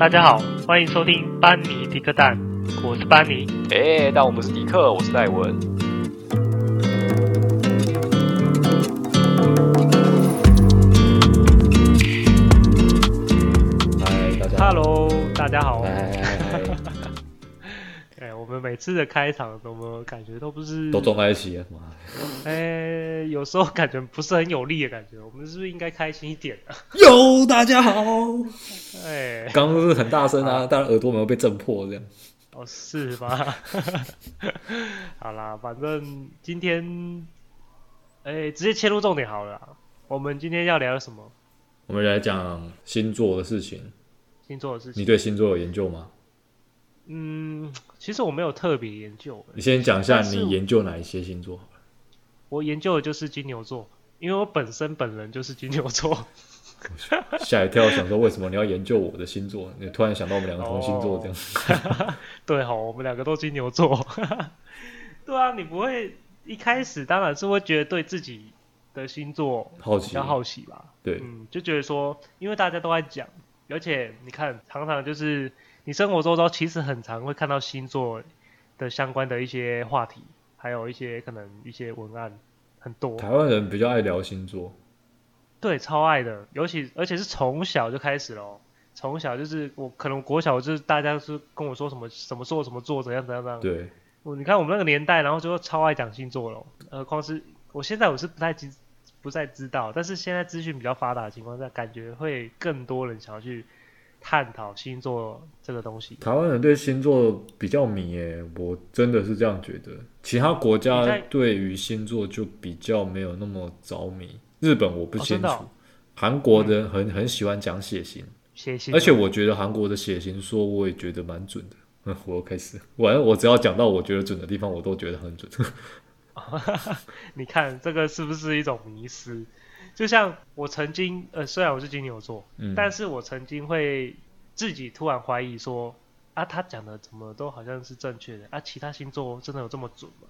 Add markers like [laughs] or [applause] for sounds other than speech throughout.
大家好，歡迎收聽班尼迪克蛋，我是班尼。哎，但我們是迪克，我是戴文。Hi, 大 Hello，大家好。每次的開場，感覺都不是都撞在一起啊？哎、欸，有時候感覺不是很有力的感覺。 [laughs] 我們是不是應該開心一點呢、啊？喲，大家好！哎、欸，剛剛是很大聲啊，當然、啊、耳朵沒有被震破這樣。哦，是吧？ [laughs] [laughs] 好啦，反正今天哎、欸，直接切入重點好了。我們今天要聊什麼？我們來講星座的事情。星座的事情，你對星座有研究嗎？嗯，其實我沒有特別研究。你先講一下你研究哪一些星座？我，我研究的就是金牛座，因為我本身本人就是金牛座。嚇一跳，想說為什麼你要研究我的星座？ [laughs] 你突然想到我們兩個同星座這樣。Oh. [laughs] 對，好，我們兩個都是金牛座。 [laughs] 對啊，你不會一開始當然是會覺得對自己的星座比較好奇吧？好奇。對，嗯，就覺得說，因為大家都在講，而且你看，常常就是。你生活周遭其實很常會看到星座的相關的一些話題，還有一些可能一些文案很多。台灣人比較愛聊星座，對，超愛的。尤其而且是從小就開始咯從小就是我可能國小就是大家是跟我說什麼什麼座什麼座，怎樣怎樣怎樣。對，你看我們那個年代，然後就超愛講星座了。何況是我現在我是不太知，不太知道，但是現在資訊比較發達的情況下，感覺會更多人想要去。探討星座這個東西，台灣人對星座比較迷誒、欸，我真的是這樣覺得。其他國家對於星座就比較沒有那麼着迷日本我不清楚，韓、哦哦、國人很、嗯、很喜歡講血型，血型，而且我覺得韓國的血型說我也覺得蠻準的。 [laughs] 我開始，反正我我只要講到我覺得準的地方，我都覺得很準。 [laughs] [laughs] 你看這個是不是一種迷思？就像我曾經，呃，雖然我是金牛座，嗯，但是我曾經會自己突然懷疑說，啊，他講的怎麼都好像是正確的啊，其他星座真的有這麼準嗎？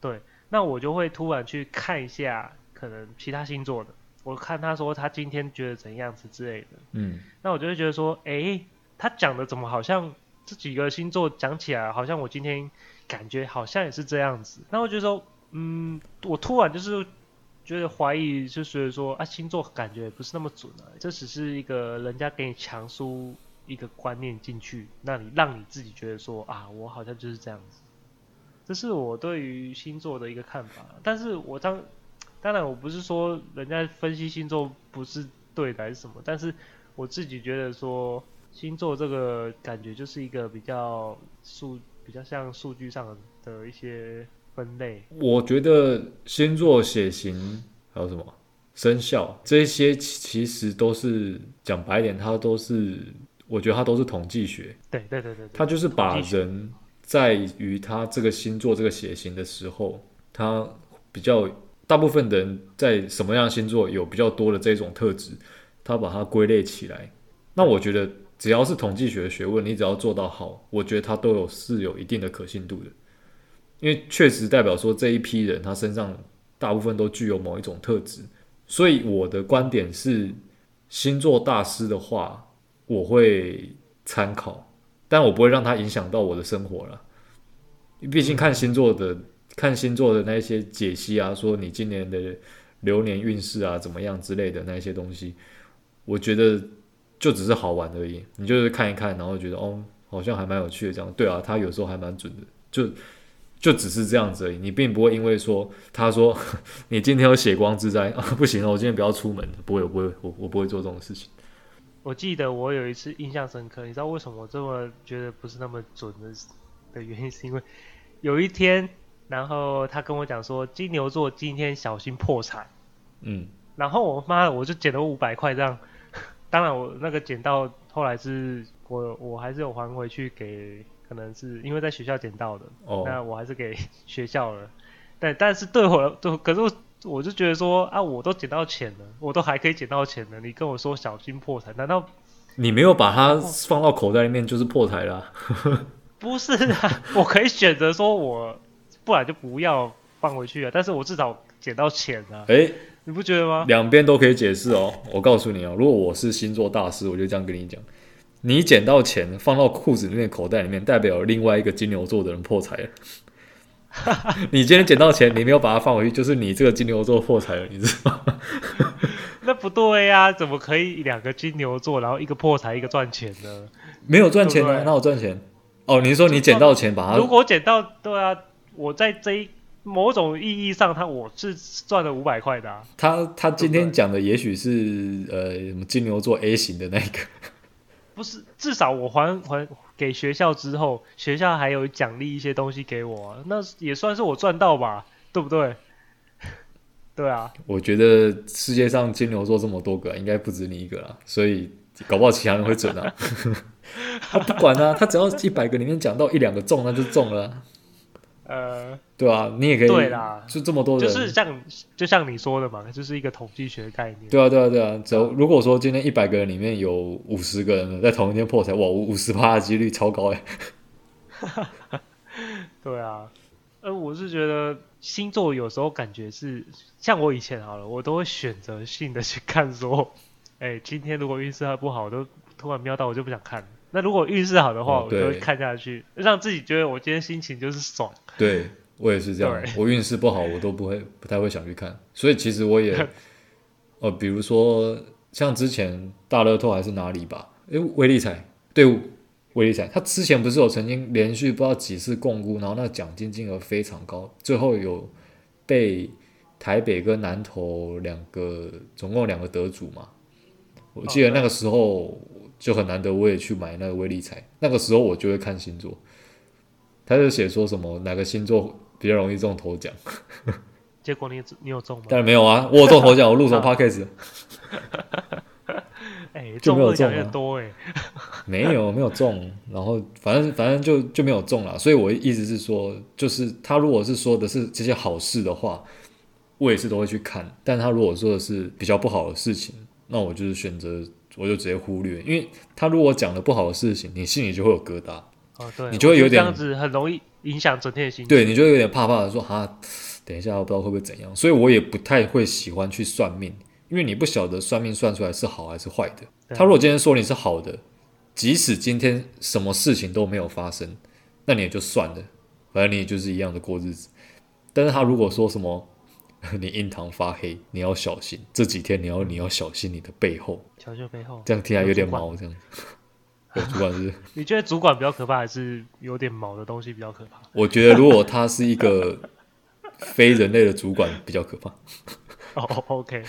對，那我就會突然去看一下可能其他星座的，我看他說他今天覺得怎樣子之類的，嗯，那我就會覺得說，哎、欸，他講的怎麼好像這幾個星座講起來好像我今天感覺好像也是這樣子，那我覺得說，嗯，我突然就是。覺得懷疑就，就是說啊，星座感覺也不是那麼準啊。這只是一個人家給你強輸一個觀念進去，那你讓你自己覺得說啊，我好像就是這樣子。這是我對於星座的一個看法。但是我當當然，我不是說人家分析星座不是對的還是什麼，但是我自己覺得說，星座這個感覺就是一個比較數，比較像數據上的一些。我覺得星座、血型還有什麼生肖，這些其實都是講白點，它都是，我覺得它都是統計學。對，對對對對，它就是把人在於他這個星座、這個血型的時候，他比較大部分的人在什麼樣的星座有比較多的這種特質，他把它歸類起來。那我覺得只要是統計學的學問，你只要做到好，我覺得它都有是有一定的可信度的。因為確實代表說這一批人，他身上大部分都具有某一種特質，所以我的觀點是，星座大師的話我會參考，但我不會讓他影響到我的生活了。畢竟看星座的、看星座的那些解析啊，說你今年的流年運勢啊怎麼樣之類的那些東西，我覺得就只是好玩而已，你就是看一看，然後覺得哦，好像還蠻有趣的這樣。對啊，他有時候還蠻準的，就。就只是這樣子而已，你並不會因為說他說你今天有血光之災啊，不行了，我今天不要出門，不會，我不會，我我不會做這種事情。我記得我有一次印象深刻，你知道為什麼我這麼覺得不是那麼準的的原因，是因為有一天，然後他跟我講說金牛座今天小心破產，嗯，然後我媽的，我就撿了五百塊這樣，當然我那個撿到後來是我我還是有還回去給。可能是因為在學校撿到的，oh. 那我還是給學校了。但但是對我都，可是我，我就覺得說啊，我都撿到錢了，我都還可以撿到錢了。你跟我說小心破財，難道你沒有把它放到口袋裡面就是破財了，啊？不是啊， [laughs] 我可以選擇說我，我不然就不要放回去了。但是我至少撿到錢了。誒、欸，你不覺得嗎？兩邊都可以解釋哦，喔。我告訴你哦，喔，如果我是星座大師，我就這樣跟你講。你撿到錢放到褲子裡面口袋裡面，代表另外一個金牛座的人破財了。 [laughs] 你今天撿到錢，你沒有把它放回去，就是你這個金牛座破財了，你知道嗎？那不對呀啊，怎麼可以兩個金牛座，然後一個破財，一個賺錢呢？沒有賺錢啊，那我賺錢。哦，你說你撿到錢把它……如果撿到，對啊，我在這一某種意義上，他我是賺了五百塊的啊。他他今天講的也許是對對呃什麼金牛座 A 型的那一個。不是，至少我還還給學校之後，學校還有獎勵一些東西給我啊，那也算是我賺到吧，對不對？ [laughs] 對啊，我覺得世界上金牛座這麼多個，應該不止你一個啦，所以搞不好其他人會準啊。 [laughs] [laughs] 他不管啊，他只要一百個裡面講到一兩個中，那就中了啊。呃，對啊，你也可以對啦，就這麼多人，就是像就像你說的嘛，就是一個統計學概念。對啊，對啊，對啊，只要、嗯、如果說今天一百個人裡面有五十個人在同一天破財，哇，五五十趴的幾率超高哎。哈哈哈，對啊，呃，我是覺得星座有時候感覺是，像我以前好了，我都會選擇性的去看，說，哎、欸，今天如果運勢還不好，我都突然瞄到我就不想看了。那如果運勢好的話，哦、我就會看下去，讓自己覺得我今天心情就是爽。對，我也是這樣。對我運勢不好，我都不會，不太會想去看。所以其實我也，哦、 [laughs] 呃，比如說像之前大樂透還是哪裡吧，哎，威力彩，對，威力彩，他之前不是有曾經連續不知道幾次摃龜，然後那獎金金額非常高，最後有被台北跟南投兩個，總共兩個得主嘛。我記得那個時候。哦就很難得，我也去買那個威力彩。那個時候我就會看星座，他就寫說什麼哪個星座比較容易中頭獎，嗯。結果你你有中嗎？當然沒有啊，我有中頭獎 [laughs] 我錄什麼 podcast？哎，就沒有中多哎，欸，沒有沒有中，然後反正反正就就沒有中了。所以我意思是說，就是他如果是說的是這些好事的話，我也是都會去看。但他如果說的是比較不好的事情，那我就是選擇。我就直接忽略，因為他如果講的不好的事情，你心裡就會有疙瘩哦。對，你就會有點這樣子，很容易影響整天的心情。對，你就會有點怕怕的說，說哈，等一下我不知道會不會怎樣，所以我也不太會喜歡去算命，因為你不曉得算命算出來是好還是壞的。對他如果今天說你是好的，即使今天什麼事情都沒有發生，那你也就算了，反正你也就是一樣的過日子。但是他如果說什麼？ [laughs] 你印堂發黑，你要小心。這幾天你要你要小心你的背後，小心背後這樣聽起來有點毛，有這樣。 [laughs] 有主管是，是？你覺得主管比較可怕，還是有點毛的東西比較可怕？ [laughs] [laughs] 我覺得如果他是一個非人類的主管，比較可怕。哦、 [laughs] oh，OK，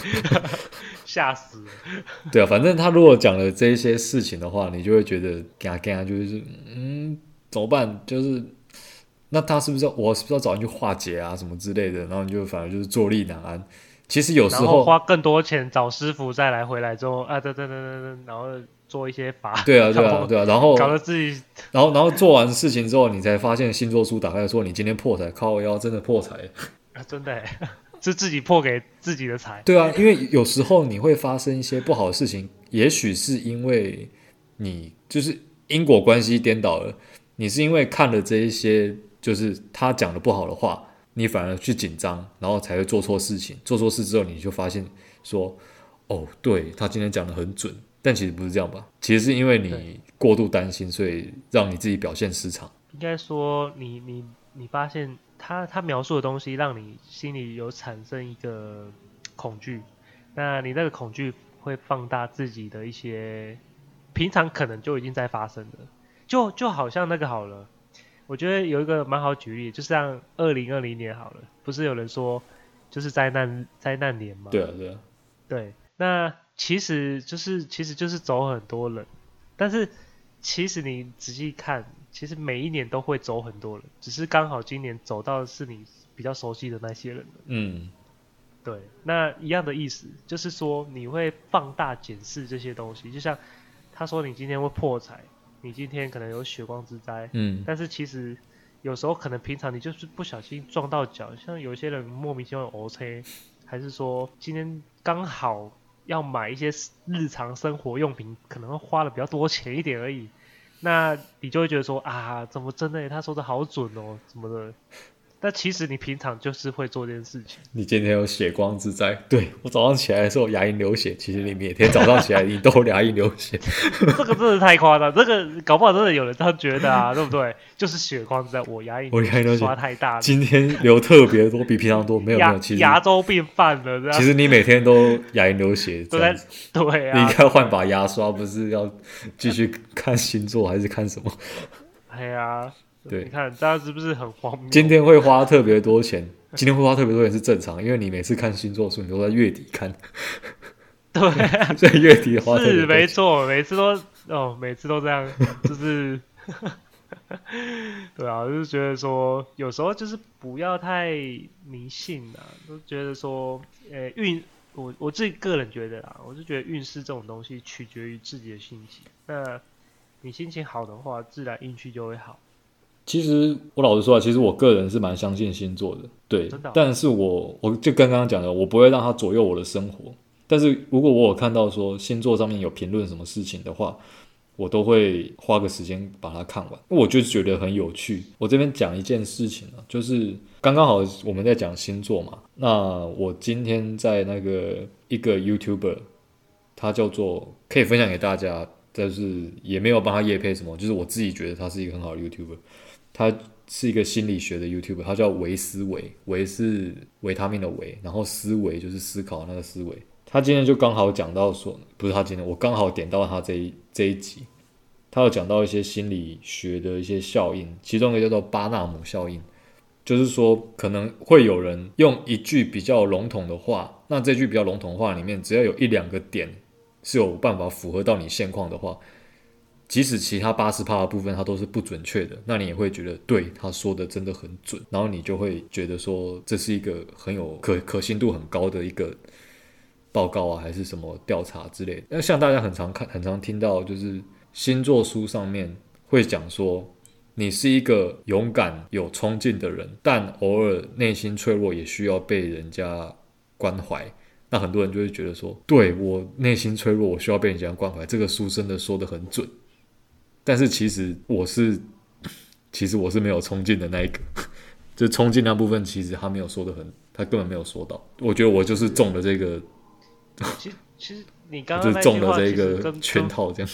嚇 [laughs] 死了。 [laughs] 對啊，反正他如果講了這些事情的話，你就會覺得乾乾就是嗯，怎麼辦？就是。那他是不是我是不是要找人去化解啊什麼之類的？然後你就反而就是坐立難安。其實有時候花更多錢找師傅再來回來之後，啊，對對對對對，然後做一些法。後對啊對啊對啊，然後搞得自己。 [laughs] 然後然後做完事情之後，你才發現星座書打開說你今天破財，靠我腰，要真的破財啊，真的，是自己破給自己的財。對啊，因為有時候你會發生一些不好的事情， [laughs] 也許是因為你就是因果關係顛倒了，你是因為看了這一些。就是他講的不好的話，你反而去緊張，然後才會做錯事情。做錯事之後，你就發現說，哦，對，他今天講得很準，但其實不是這樣吧？其實是因為你過度擔心，對，所以讓你自己表現失常。應該說你，你你你發現他他描述的東西，讓你心裡有產生一個恐懼，那你那個恐懼會放大自己的一些平常可能就已經在發生的，就就好像那個好了。我覺得有一個蠻好舉例，就是像二零二零年好了，不是有人說就是災難災難年嗎？對啊，對啊。對，那其實就是其實就是走很多人，但是其實你仔細看，其實每一年都會走很多人，只是剛好今年走到的是你比較熟悉的那些人了。嗯，對，那一樣的意思，就是說你會放大檢視這些東西，就像他說你今天會破財。你今天可能有血光之災，嗯，但是其實有時候可能平常你就是不小心撞到腳，像有些人莫名其妙的歐車，還是說今天剛好要買一些日常生活用品，可能花了比較多錢一點而已，那你就會覺得說啊，怎麼真的、欸？他說的好準哦、喔，怎麼的？但其實你平常就是會做這件事情。你今天有血光之災？對，我早上起來的時候牙齦流血。其實你每天早上起來你都牙齦流血。 [laughs] [laughs] 這個真的太誇張，這個搞不好真的有人這樣覺得啊，對不對？ [laughs] 就是血光之災，我牙齦我牙刷太大流血，今天流特別多，比平常多，沒有 [laughs] 沒有，其實牙周病犯了這樣。其實你每天都牙齦流血，對 [laughs] 對啊。你應該換把牙刷，不是要繼續看星座還是看什麼？哎呀、 [laughs] 啊。對，你看大家是不是很荒謬？今天會花特別多錢，今天會花特別多錢是正常，因為你每次看星座書，你都在月底看， [laughs] 對、啊，在月底花錢 [laughs] 是沒錯，每次都哦，每次都這樣，就是 [laughs] [laughs] 對啊，就是覺得說有時候就是不要太迷信了、啊，都覺得說，呃、欸，運我我自己個人覺得啦，我就覺得運勢這種東西取決於自己的心情，那你心情好的話，自然運氣就會好。其實我老實說啊，其實我個人是蠻相信星座的，對，但是我我就剛剛講的，我不會讓它左右我的生活。但是如果我有看到說星座上面有評論什麼事情的話，我都會花個時間把它看完，我就覺得很有趣。我這邊講一件事情啊，就是剛剛好我們在講星座嘛，那我今天在那個一個 YouTuber，他叫做可以分享給大家，但是也沒有幫他業配什麼，就是我自己覺得他是一個很好的 YouTuber。他是一個心理學的 YouTuber，他叫維思維，維是維他命的維，然後思維就是思考的那個思維。他今天就剛好講到說，不是他今天，我剛好點到他這一這一集，他有講到一些心理學的一些效應，其中一個叫做巴納姆效應，就是說可能會有人用一句比較籠統的話，那這句比較籠統的話裡面，只要有一兩個點是有辦法符合到你現況的話，即使其他八十趴的部分它都是不準確的，那你也會覺得對他說的真的很準，然後你就會覺得說這是一個很有可可信度很高的一個報告啊，還是什麼調查之類的。那像大家很常看、很常聽到，就是星座書上面會講說，你是一個勇敢有衝勁的人，但偶爾內心脆弱，也需要被人家關懷。那很多人就會覺得說，對，我內心脆弱，我需要被人家關懷，這個書真的說得很準。但是其實我是，其實我是沒有衝勁的那一個，就衝勁那部分，其實他沒有說的很，他根本沒有說到。我覺得我就是中了這個，其實其實你剛剛那句話，中了這個圈套這樣。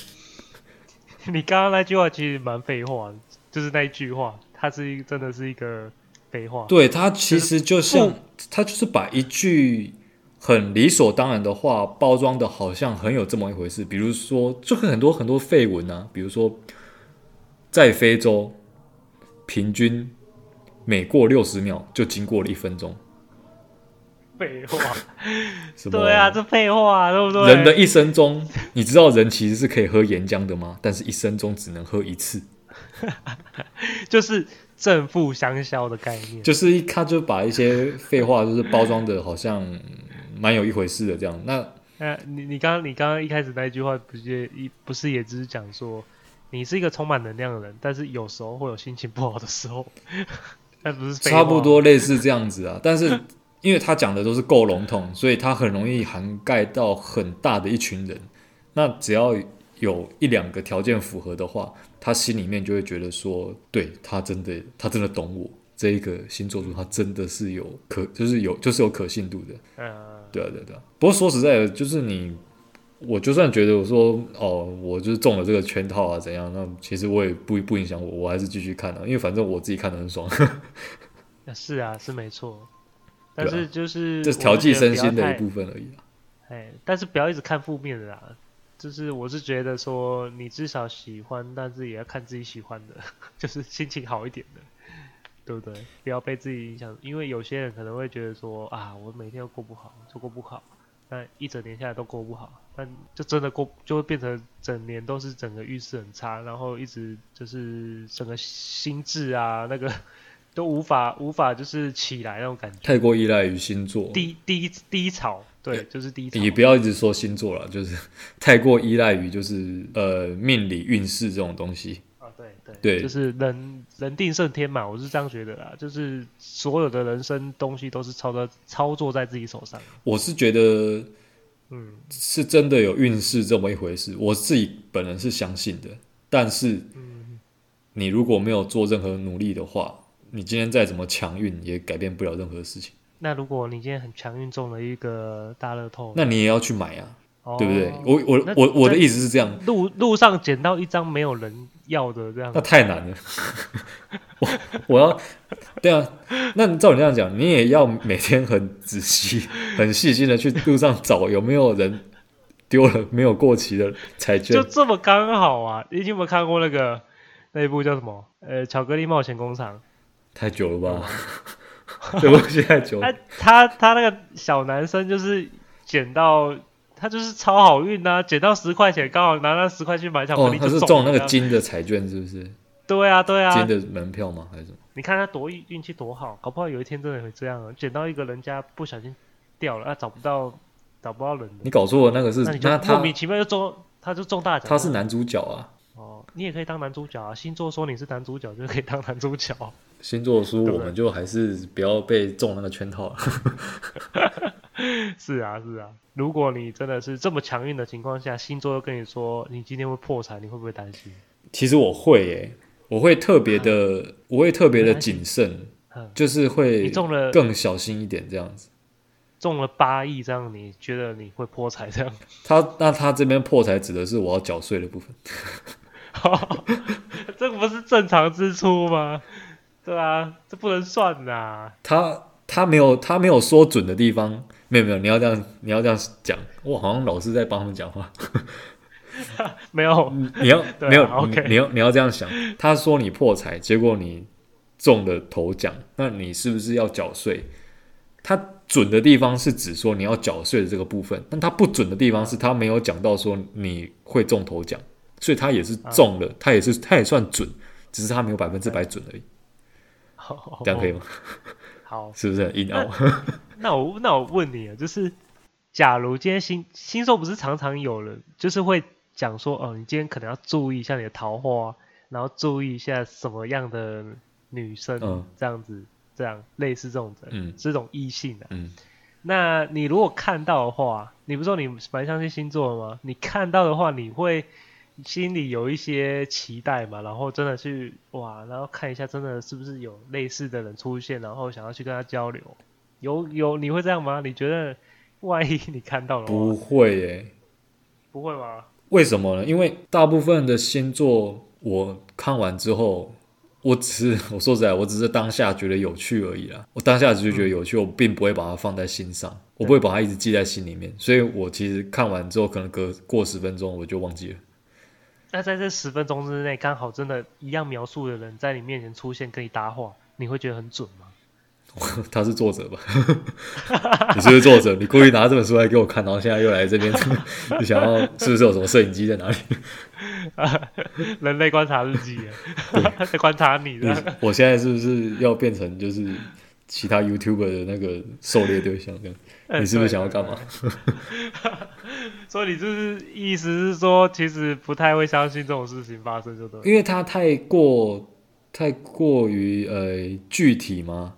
你剛剛那句話其實蠻廢話的，就是那一句話，它是一真的是一個廢話。對，他其實就像就是他就是把一句。很理所當然的話，包裝的好像很有這麼一回事。比如說，就很多很多廢文啊，比如說，在非洲，平均每過六十秒就經過了一分鐘。廢話， [laughs] 什麼？對啊，這廢話，對不對？人的一生中，你知道人其實是可以喝岩漿的嗎？但是一生中只能喝一次。 [laughs] 就是正負相消的概念。就是一，他就把一些廢話，就是包裝的好像。蠻有一回事的，這樣那，那你你剛剛你剛剛一開始那一句話，不也不是也只是講說，你是一個充滿能量的人，但是有時候會有心情不好的時候，那不是差不多類似這樣子啊？但是因為他講的都是夠籠統，所以他很容易涵蓋到很大的一群人。那只要有一兩個條件符合的話，他心裡面就會覺得說，對，他真的他真的懂我。這一個星座組，它真的是有可，就是有，就是有可信度的。嗯，對啊，對對啊。不過說實在的，就是你，我就算覺得我說哦，我就是中了這個圈套啊，怎樣？那其實我也不不影響我，我還是繼續看啊，因為反正我自己看得很爽，啊。是啊，是沒錯。但是就是這調劑身心的一部分而已啊。哎，但是不要一直看負面的啦。就是我是覺得說，你至少喜歡，但是也要看自己喜歡的，就是心情好一點的。對不對？不要被自己影響，因為有些人可能會覺得說啊，我每天都過不好，就過不好，但一整年下來都過不好，但就真的過，就會變成整年都是整個運勢很差，然後一直就是整個心智啊，那個都無法無法就是起來那種感覺。太過依賴於星座，低低低潮，對，也就是低潮。你不要一直說星座了，就是太過依賴於就是呃命理運勢這種東西。對，就是人人定勝天嘛，我是這樣覺得啦。就是所有的人生東西都是操作操作，在自己手上。我是覺得，嗯，是真的有運勢這麼一回事，嗯、我自己本人是相信的。但是，你如果沒有做任何努力的話，你今天再怎麼強運也改變不了任何事情。那如果你今天很強運中了一個大樂透，那你也要去買呀、啊。對不對？我我我我的意思是這樣，路、哦、路上撿到一張沒有人要的這樣，那太難了。 [laughs] 我我要，對啊，那你照你這樣講，你也要每天很仔細、很細心的去路上找有沒有人丟了沒有過期的彩券，就這麼剛好啊！你有沒有看過那個那一部叫什麼？呃，巧克力冒險工廠？太久了吧？ [laughs] [laughs] 對不起，太久了、 [laughs] 啊。他他他那個小男生就是撿到。他就是超好運吶、啊，撿到十塊錢，剛好拿那十塊去買巧克力。他是中那個金的彩券是不是？對啊對啊，對啊金的門票嗎還是什麼？你看他多運氣多好，搞不好有一天真的會這樣啊！撿到一個人家不小心掉了啊，找不到找不到人。你搞錯了，那個是那，你就那他莫名其妙就中，他就中大獎。他是男主角啊！哦，你也可以當男主角啊！星座說你是男主角，就可以當男主角。星座的書，我們就還是不要被中那個圈套了。 [laughs] [laughs] 是啊，是啊。如果你真的是這麼強運的情況下，星座又跟你說你今天會破財，你會不會擔心？其實我會誒、欸，我會特別的，啊、我會特別的謹慎，啊、就是會你中了更小心一點這樣子。中了八億這樣，你覺得你會破財這樣？他那他這邊破財指的是我要繳稅的部分。好 [laughs] [laughs] [laughs] 這不是正常支出嗎？對啊，這不能算啊。他他沒有他沒有說準的地方，沒有沒有。你要這樣你要這樣講，我好像老是在幫他們講話、 [laughs] 啊。沒有，你要沒有、啊、你 OK，你，你要你要這樣想。他說你破財，結果你中了頭獎，那你是不是要繳稅？他準的地方是指說你要繳稅的這個部分，但他不準的地方是他沒有講到說你會中頭獎，所以他也是中了，啊、他也是他也算準，只是他沒有百分之百準而已。好，這樣可以嗎？好， [laughs] 是不是硬拗？那，那我那我問你啊，就是假如今天星星座不是常常有人，就是會講說哦、呃，你今天可能要注意一下你的桃花，然後注意一下什麼樣的女生這樣子，嗯、這樣，這樣類似這種的，是這種異性的、啊。嗯，那你如果看到的話，你不是說你蠻相信星座的嗎？你看到的話，你會？心裡有一些期待嘛，然後真的去哇，然後看一下，真的是不是有類似的人出現，然後想要去跟他交流，有有，你會這樣嗎？你覺得萬一你看到了，不會耶。欸，不會嗎？為什麼呢？因為大部分的星座我看完之後，我只是我說實在，我只是當下覺得有趣而已啦。我當下只是覺得有趣，嗯、我並不會把它放在心上，我不會把它一直記在心裡面，嗯、所以我其實看完之後，可能隔過十分鐘我就忘記了。那在這十分鐘之內，剛好真的，一樣描述的人在你面，面前出現，跟你搭話，你會覺得很準嗎？哦、他是作者吧？ [laughs] 你是不是作者？ [laughs] 你故意拿這本書來給我看，然後現在又來這邊， [laughs] 你想要是不是有什麼攝影機在哪裡？ [laughs] 人類觀察日記，在 [laughs] 對觀察你。我現在是不是要變成就是其他 YouTuber 的那個狩獵對象這樣？你是不是想要幹嘛？ [laughs] [laughs] 所以你就是意思是說，其實不太會相信這種事情發生，就對了。因為它太過、太過於呃具體嗎？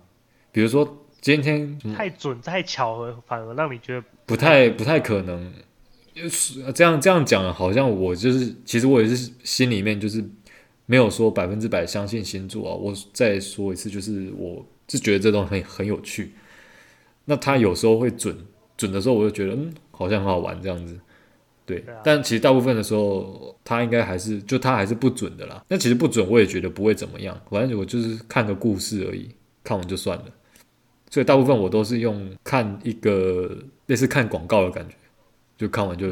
比如說今天、嗯、太準、太巧合，反而讓你覺得不太、不太、不太可能。這樣這樣講，好像我就是，其實我也是心裡面就是沒有說百分之百相信星座啊。我再說一次，就是我是覺得這東西很很有趣。那他有時候會準，準的時候我就覺得，嗯，好像很好玩這樣子，對。對啊。但其實大部分的時候，他應該還是就他還是不準的啦。那其實不準，我也覺得不會怎麼樣，反正我就是看個故事而已，看完就算了。所以大部分我都是用看一個類似看廣告的感覺，就看完就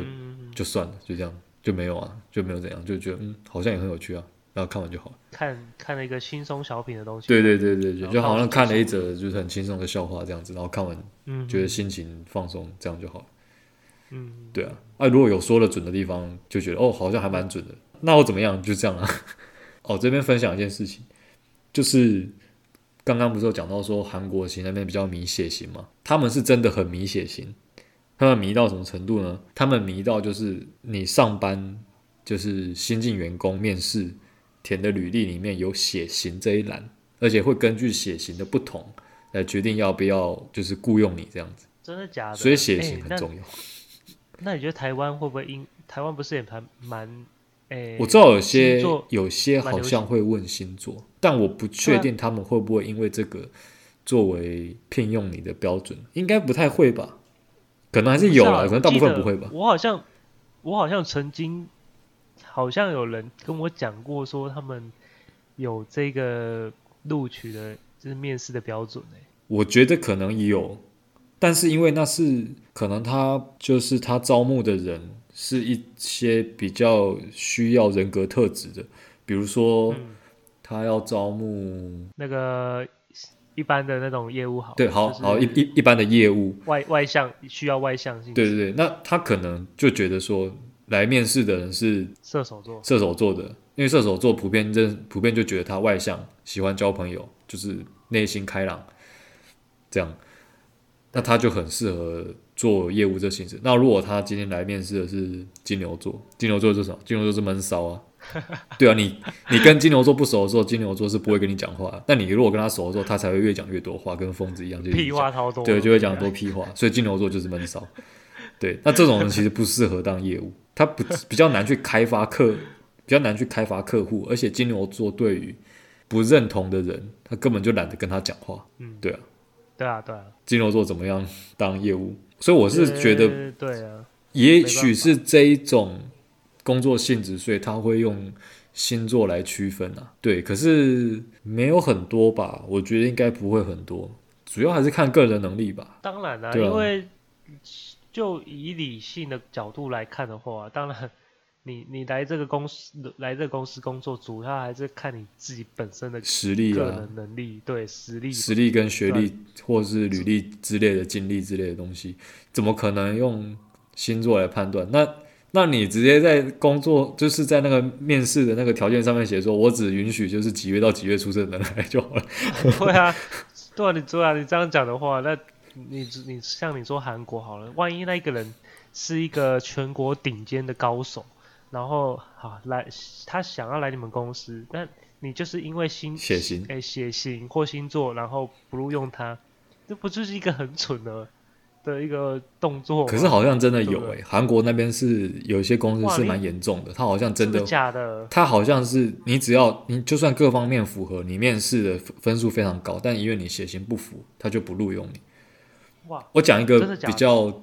就算了，就這樣就沒有啊，就沒有怎樣，就覺得嗯，好像也很有趣啊。然後看完就好了，看看了一個輕鬆小品的東西。對對對對，然後 就好像看了一則就是很輕鬆的笑話這樣子，然後看完，嗯哼，覺得心情放鬆，這樣就好了。嗯哼，對啊，啊，如果有說的準的地方，就覺得哦，好像還蠻準的。那我怎麼樣？就這樣啊。 [laughs] 哦，這邊分享一件事情，就是剛剛不是有講到說韓國型那邊比較迷血型嘛？他們是真的很迷血型，他們迷到什麼程度呢？他們迷到就是你上班就是新進員工面試。填的履歷裡面有血型這一欄，而且會根據血型的不同來決定要不要就是僱傭你這樣子。真的假的？所以血型很重要。欸、 [laughs] 那你覺得台灣會不會因台灣不是也蠻蠻誒？欸、我知道有些座有些好像會問星座，但我不確定他們會不會因為這個作為聘用你的標準，那應該不太會吧？可能還是有啦，可能大部分不會吧。我好像我好像曾經。好像有人跟我講過，說他們有這個錄取的，就是面試的標準呢、欸。我覺得可能有，但是因為那是可能他就是他招募的人是一些比較需要人格特質的，比如說、嗯、他要招募那個一般的那種業務好，對，好，好一一般的業務，外外向需要外向性，對對對，那他可能就覺得說，來面試的人是射手座，射手座的，因為射手座普遍認普遍就覺得他外向，喜歡交朋友，就是內心開朗，這樣，那他就很適合做業務這性質。那如果他今天來面試的是金牛座，金牛座是什麼？金牛座是悶騷啊，對啊，你你跟金牛座不熟的時候，金牛座是不會跟你講話，那 [laughs] 你如果跟他熟的時候，他才會越講越多話，跟瘋子一樣，就屁話超多，對，就會講得多屁話，啊、所以金牛座就是悶騷，對，那這種人其實不適合當業務。 [laughs] 他不比較難去開發客，比較難去開發客戶，而且金牛座對於不認同的人，他根本就懶得跟他講話。嗯，對啊，對啊，對啊，對啊。金牛座怎麼樣當業務？所以我是覺得，對啊，也許是這一種工作性質，所以他會用星座來區分啊。對，可是沒有很多吧？我覺得應該不會很多，主要還是看個人能力吧。當然啦，啊，對啊，因為。就以理性的角度來看的話，當然你，你你來這個公司來這個公司工作，主要還是看你自己本身的實力、啊、實力、個人能力，對實力、實力跟學歷或者是履歷之類的經歷之類的東西，實力。怎麼可能用星座來判斷？那那你直接在工作就是在那個面試的那個條件上面寫說，我只允許就是幾月到幾月出生的人來就好了。對啊，對啊，你這樣講的話，那。你你像你說韓國好了，萬一那一個人是一個全國頂尖的高手，然後好、啊、來他想要來你們公司，那你就是因為星血型哎、欸、血型或星座然後不錄用他，這不就是一個很蠢的的一個動作嗎？可是好像真的有哎、欸，對了，韓國那邊是有一些公司是蠻嚴重的，他好像真的是不是假的？他好像是你只要你就算各方面符合，你面試的分數非常高，但因為你血型不符，他就不錄用你。的的我講一個比較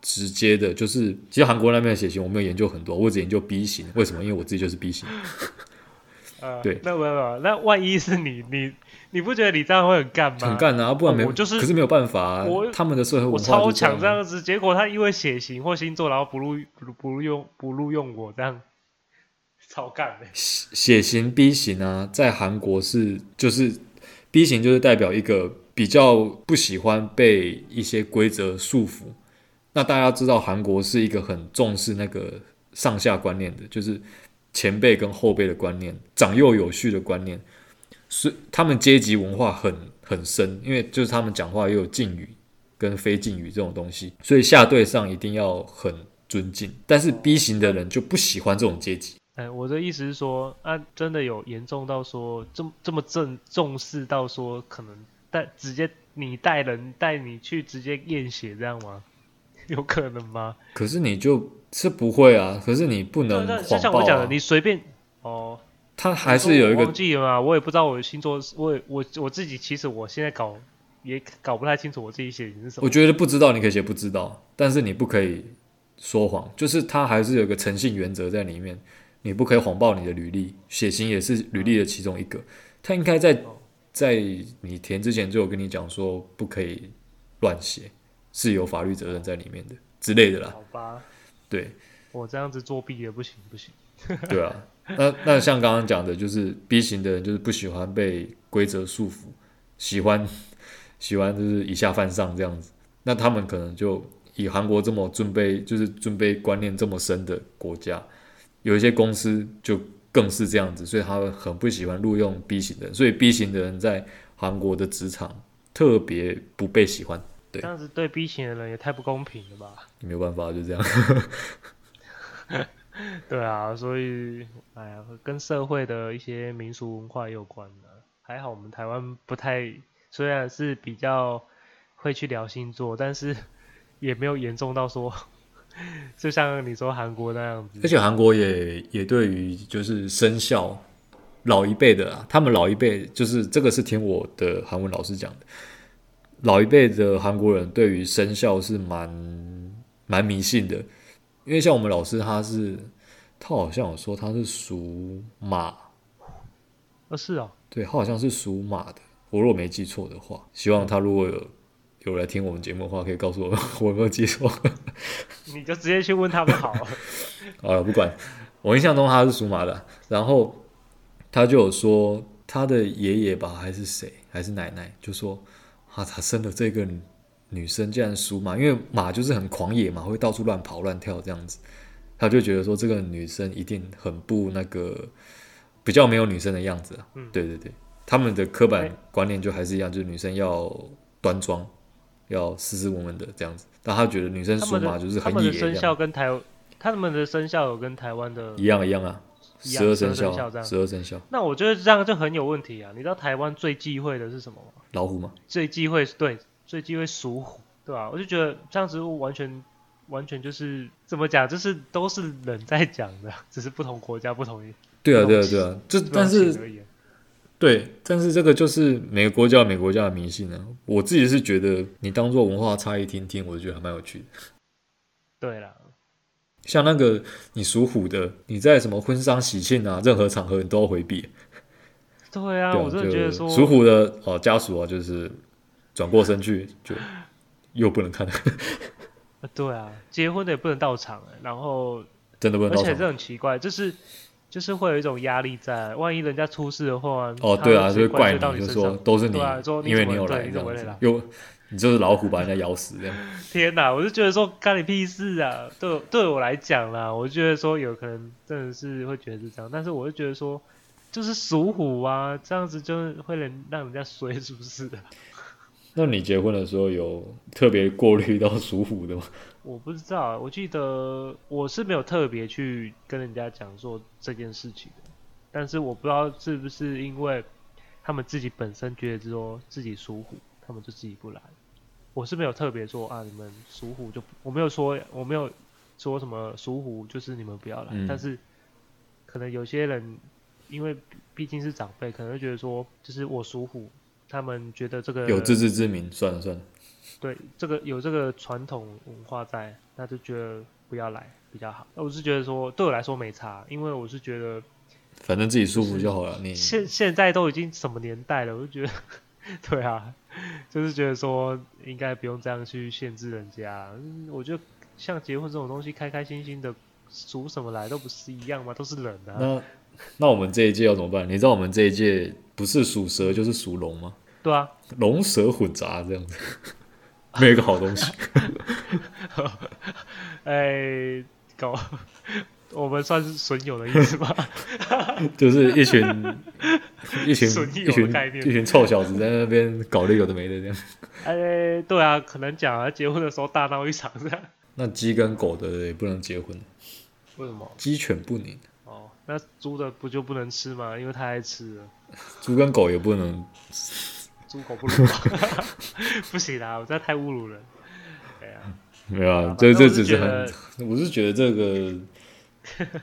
直接的，就是其實韓國那邊的血型我沒有研究很多，我只研究 B 型。為什麼？因為我自己就是 B 型。 [laughs] 呃、對，那沒有，那萬一是你，你你不覺得你這樣會很幹嗎？很幹啊，不然沒，就是，可是沒有辦法、啊，我他們的社會文化如此，結果他因為血型或星座，然後不錄不不用不錄用我，這樣超幹的、欸。血型 B 型啊，在韓國是就是 B 型，就是代表一個。比較不喜歡被一些規則束縛。那大家知道，韓國是一個很重視那個上下觀念的，就是前輩跟後輩的觀念，長幼有序的觀念，是他們階級文化很很深。因為就是他們講話又有敬語跟非敬語這種東西，所以下對上一定要很尊敬。但是 B 型的人就不喜歡這種階級。哎、欸，我的意思是說，啊，真的有嚴重到說這麼這麼正重視到說可能。但直接你帶人帶你去直接驗血這樣嗎？有可能嗎？可是你就是不會啊！可是你不能對，啊、就像我講的，你隨便哦。他還是有一個我忘記了嗎，我也不知道我星座，我我我自己其實我現在搞也搞不太清楚我自己血型是什麼。我覺得不知道你可以寫不知道，但是你不可以說謊，就是他還是有一個誠信原則在裡面，你不可以謊報你的履歷，血型也是履歷的其中一個，他、嗯、應該在。哦在你填之前就有跟你講說不可以亂寫，是有法律責任在裡面的之類的啦。好吧，對，我這樣子作弊也不行，不行。 [laughs] 對啊，那那像剛剛講的，就是 B 型的人就是不喜歡被規則束縛，喜歡喜歡就是以下犯上這樣子。那他們可能就以韓國這麼尊卑就是尊卑觀念這麼深的國家，有一些公司就。更是這樣子，所以他們很不喜歡錄用 B 型的人，所以 B 型的人在韓國的職場特別不被喜歡。對，這樣子對 B 型的人也太不公平了吧？沒有辦法，就這樣。 [laughs] [laughs] 對啊，所以哎呀，跟社會的一些民俗文化有關的，還好我們台灣不太，雖然是比較會去聊星座，但是也沒有嚴重到說。 [laughs] 就像你說韓國那樣子，而且韓國也也對於就是生肖，老一輩的啦，他們老一輩就是這個是聽我的韓文老師講的，老一輩的韓國人對於生肖是蠻蠻迷信的，因為像我們老師他是，他好像有說他是屬馬，啊、哦、是啊、哦，對，他好像是屬馬的，我如果沒記錯的話，希望他如果有。有我來聽我們節目的話，可以告訴我我有沒有記錯？ [laughs] 你就直接去問他們好。 [laughs] 好了，不管。我印象中他是屬馬的，然後他就有說他的爺爺吧，還是誰，還是奶奶，就說他、啊、他生了這個女生竟然屬馬，因為馬就是很狂野嘛，會到處亂跑亂跳這樣子。他就覺得說這個女生一定很不那個，比較沒有女生的樣子。嗯，對對對，他們的刻板觀念就還是一樣，欸、就是女生要端莊。要斯斯文文的這樣子，但他覺得女生屬馬就是很野他們，他們的生肖跟台，他們的生肖有跟台灣的一樣一樣啊，十二生肖十二生肖。那我覺得這樣就很有問題啊！你知道台灣最忌諱的是什麼嗎？老虎嗎？最忌諱對，最忌諱屬虎，對吧、啊？我就覺得這樣子我完全完全就是怎麼講，就是都是人在講的，只是不同國家不同意、啊。對啊，對啊，對啊，就但是。對，但是這個就是每個國家有每個國家的迷信呢、啊。我自己是覺得，你當做文化差異聽聽，我就覺得還蠻有趣的。對啦、啊，像那個你屬虎的，你在什麼婚喪喜慶啊，任何場合你都要回避。對啊，對啊我真就覺得屬虎的哦，家屬啊，就是轉過身去就又不能看、啊。對啊，結婚的也不能到場、欸，然後真的不能看，而且這很奇怪，就是。就是會有一種壓力在，萬一人家出事的話，哦，哦，對啊，就是、怪你，就說都是你，對吧，因為說你有來這樣子，又你，你，你就是老虎把人家咬死 [laughs] 這樣。天哪、啊，我就覺得說幹你屁事啊！對，對我來講啦，我就覺得說有可能真的是會覺得是這樣，但是我就覺得說就是屬虎啊，這樣子就會讓讓人家衰，是不是、啊。 [laughs] 那你結婚的時候有特別過濾到屬虎的嗎？我不知道，我記得我是沒有特別去跟人家講說這件事情的，但是我不知道是不是因為他們自己本身覺得說自己屬虎，他們就自己不來。我是沒有特別說啊，你們屬虎就，我沒有說，我沒有說什麼屬虎就是你們不要來。嗯，但是可能有些人因為畢竟是長輩，可能會覺得說就是我屬虎，他們覺得這個有自知之明，算了算了。對，這個有這個傳統文化在，那就覺得不要來比較好。那我是覺得說，對我來說沒差，因為我是覺得，反正自己舒服就好了。是你現現在都已經什麼年代了，我就覺得，對啊，就是覺得說應該不用這樣去限制人家。我覺得像結婚這種東西，開開心心的屬什麼來都不是一樣嗎？都是人啊。那那我們這一屆要怎麼辦？你知道我們這一屆不是屬蛇就是屬龍嗎？對啊，龍蛇混雜這樣子。沒有一個好東西，哎、 [laughs] 欸，搞，我們算是損友的意思吧？ [laughs] 就是一群一群一群損友的概念，一群臭小子在那邊搞的有的沒的這樣。哎、欸，對啊，可能講啊，結婚的時候大鬧一場這樣。那雞跟狗的也不能結婚，為什麼？雞犬不寧。哦，那豬的不就不能吃嗎？因為它愛吃了。豬跟狗也不能。不如？ [laughs] [laughs] 不行啦，我這太侮辱了。對啊，沒有啊，這這只是很，我是， [laughs] 我是覺得這個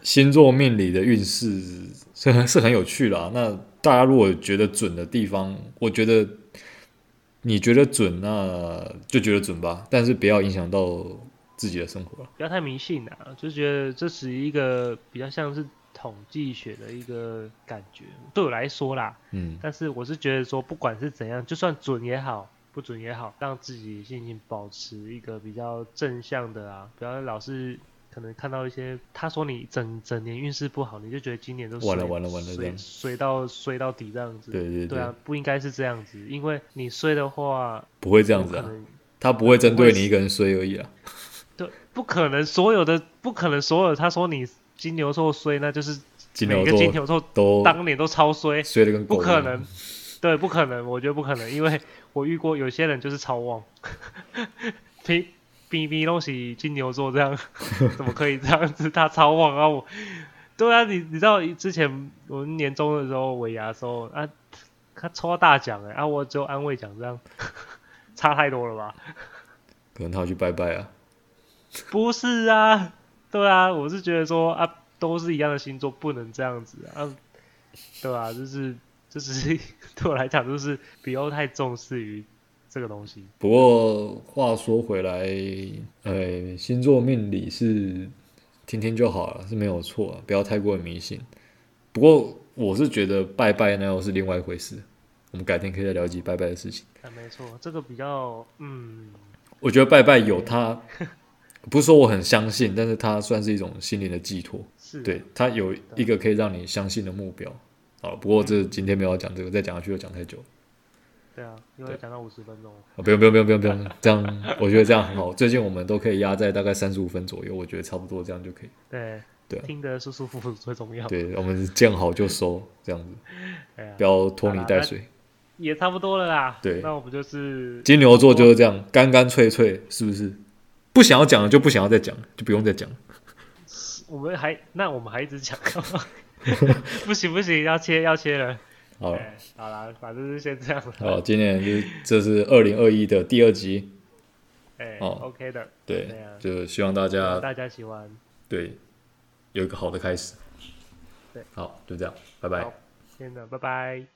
星座命理的運勢是很有趣的啊。那大家如果覺得準的地方，我覺得你覺得準，那就覺得準吧。但是不要影響到自己的生活，不要太迷信啦、啊，就覺得這是一個比較像是。統計學的一個感覺，對我來說啦，嗯，但是我是覺得說，不管是怎樣，就算準也好，不準也好，讓自己心情保持一個比較正向的啊，不要老是可能看到一些他說你整整年運勢不好，你就覺得今年都完了完了完了，衰衰到衰到底這樣子，對對對，對啊，不應該是這樣子，因為你衰的話不會這樣子，啊，他不會針對你一個人衰而已啊， [laughs] 對，不可能所有的不可能所有他說你。.金牛座衰，那就是每個金牛座都當年都超衰，不可能，對，不可能，我覺得不可能，因為我遇過有些人就是超旺，呸， [laughs] 平平東西金牛座這樣， [laughs] 怎麼可以這樣子？他超旺啊！然後我，對啊，你你知道之前我們年終的，的時候，尾牙說啊尾牙的時候，啊，他抽到大獎然、欸、啊，我就安慰獎這樣， [laughs] 差太多了吧？可能他要去拜拜啊？不是啊。對啊，我是覺得說啊，都是一樣的星座，不能這樣子啊，啊對吧、啊？就是，就是對我來講，就是不要太重視於這個東西。不過話說回來，哎，星座命理是聽聽就好了，是沒有錯、啊，不要太過迷信。不過我是覺得拜拜那又是另外一回事，我們改天可以再了解拜拜的事情、啊。沒錯，這個比較嗯，我覺得拜拜有它。 [laughs] 不是說我很相信，但是它算是一種心靈的寄托，是。對，它有一個可以讓你相信的目標啊。不過這今天沒有講這個，再講下去就講太久。對啊，因為講到五十分鐘啊，不用不用不用不用不用，這樣我覺得這樣很好。最近我們都可以壓在大概三十五分左右，我覺得差不多這樣就可以。對對，聽得舒舒服服最重要。對，我們見好就收，這樣子，不要拖泥帶水，也差不多了啦。對，那我們就是金牛座就是這樣乾乾脆脆，是不是？不想要講了，就不想要再講了，就不用再講了。我們還那我們還一直講， [laughs] 不行不行，要切要切了。好，好了，反正是先這樣了。好，今天就是，這是二零二一的第二集。哎、欸，哦、喔，OK 的，對，對啊，就希望大家，嗯，大家喜歡，對，有一個好的開始。對，好，就這樣，拜拜。好，先這樣，拜拜。